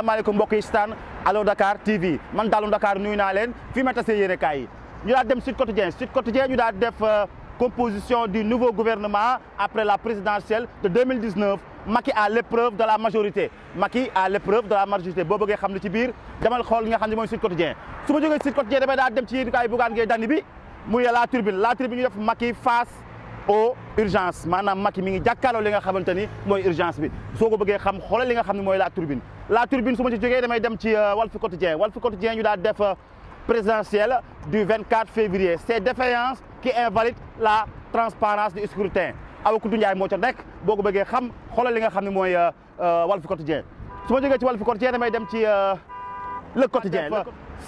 salaamaaleykum mbokk yi sitaan allo Dakar TV man Dallou Dakar nuyu naa leen fii ma tassé yene kay ñu da dem site Quotidien site Quotidien ñu da def euh, composition du nouveau gouvernement après la présidentielle de 2019 Macky à l'épreuve de la majorité Macky à l'épreuve de la majorité bo beugé xam ne ci bir demal xol nga xam ne mooy Sud Quotidien su ma jógee Sud Quotidien damay da dem ci yéen kaay Bougane Gueye Dany bi muy la turbine la turbine ñu def Macky face au urgence manam makki mi ngi jakkalo li nga xamanteni moy urgence bi soko ko xam xolal li nga xamni moy la turbine la turbine suma ci jógee damay dem ci euh, Walf Quotidien Walf Quotidien ñu da def euh, présidentiel du 24 février ces défaillances qui invalident la transparence du scrutin Awakoutou Ndiaye moo mo ci nek ko bëggee xam xolal li nga xamni moy mooy euh, Quotidien suma ma ci Walf Quotidien damay dem ci le quotidien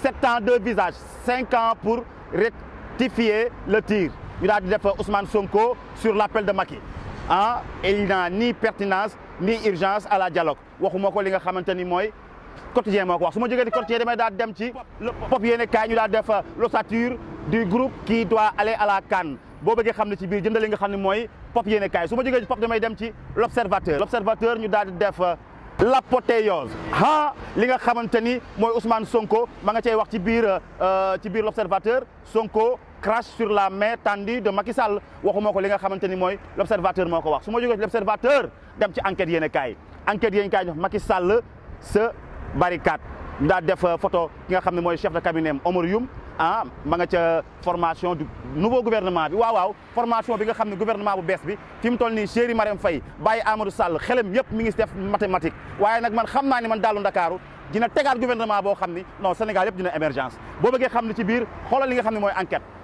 sept ans deux visages cinq ans pour rectifier le tir ñu daal def Ousmane Sonko sur l'appel de Macky ah et il n'a ni pertinence ni urgence à la dialogue waxuma ko li nga xamante ni mooy quotidien moo ko wax su ma jógee di quotidien damay dem ci pop yéene kaay ñu def l'ossature du groupe qui doit aller à la CAN boo bëggee xam ne ci biir jënd li nga xam ne pop yéene kaay su ma ci pop dem ci l'observateur l'observateur ñu daal di def l'apothéose ah li nga xamante ni Ousmane Sonko ma nga cay wax ci biir euh, ci biir l'observateur Sonko crache sur la main tendue de Macky Sall waxuma ko li nga xamante ni mooy l' observateur moo ko wax su ma jógee dem ci enquête yéen a enquête yéen a kaay Macky Sall se barricade daa def euh, photo ki nga xam ne chef de cabinet Omar Youm ah ma nga formation du nouveau gouvernement bi waaw formation bi nga xam gouvernement bu bees bi Tim mu toll nii chéri Marème Faye bàyyi Amadou Sall xelam yëpp mi def mathématique waaye nag man xam naa ne man daalu Ndakaaru dina tegaat gouvernement boo xam non Sénégal yëpp dina émergence boo bëggee xam ne ci biir xoolal li nga xam ne enquête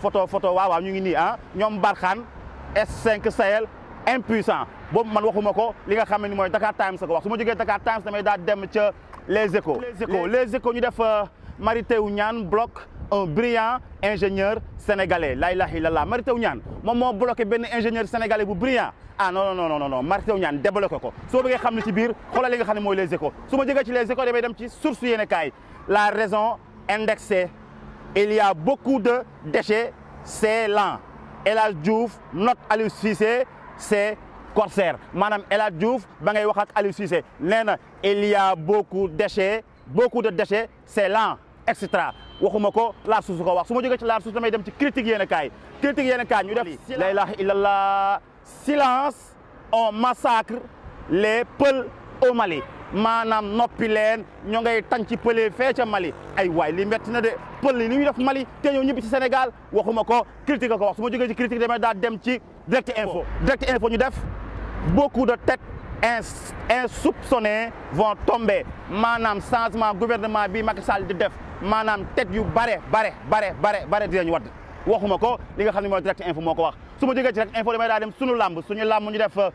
photo photo waaw ñu ngi ni hein ah. ñom barkhan S5 Sahel impuissant bo man waxuma ko li nga xamni moy Dakar Times ko wax suma ma Dakar Times damay da dem ci Les Échos Les Échos Les Échos ñu def euh, maritew Teuw Niane bloc un brillant ingénieur sénégalais la ilaha illallah maritew Teuw Niane moom bloqué ben ingénieur sénégalais bu brillant ah non non non non non Teuw Niane débloqué ko so bëggee xamni ci biir xoolal li nga xamni moy Les Échos suma ma ci Les Échos damay dem ci source yéene kaay la raison indexée il y a beaucoup de déchets, c'est lent. El Hadj Diouf notre Aliou Cissé c'est corsaire Madame El Hadj Diouf ba ngay wax ak Aliou Cissé il y a beaucoup de déchets beaucoup de déchets c'est lent etc. cetera waxuma ko laar suuf su ko wax su ma jógee ci vous suuf damay dem ci critique yéen a critique yéen ñu def la ilaha illallah silence on massacre les Peuls au Mali maanaam noppi leen ñoo ngay tànc ci Mali ay na de li ñu def Mali te Sénégal waxuma ko critique ko wax suma critique dem ci direct info direct info ñu def beaucoup de têtes insoupçonnées vont tomber manam changement gouvernement bi Macky Sall di def manam tête yu bare bare bare bare bare wad waxuma ko li nga xamni direct info moko wax direct info def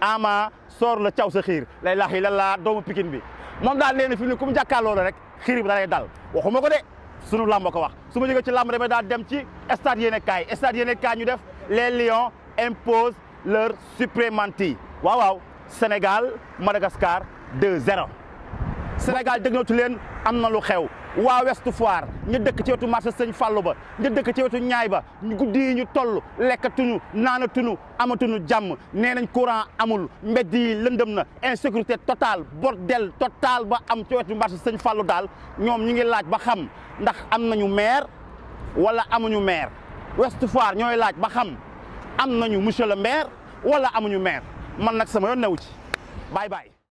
Ama sort le caw sa xiir lay la doomu pikine bi mom dal fi ni kum rek bi da lay dal waxuma de sunu lamb ko wax suma ci dem les lions imposent leur suprématie waaw Sénégal Madagascar 2-0 Sénégal lu xew. waa Ouest Foire ñu dëkk ci wetu marché Sëñ Fallou ba ñu dëkk ci wetu ñaay ba guddi yi ñu toll lekkatuñu naanatuñu amatuñu jàmm nee nañ courant amul mbeddi yi lëndëm na insécurité totale bordel total ba am ci wetu marché Sëñ Fallou daal ñoom ñu ngi laaj ba xam ndax am nañu maire wala amuñu maire Ouest Foire ñooy laaj ba xam am nañu monsieur le maire wala amuñu maire man nag sama yoon newu ci bye bye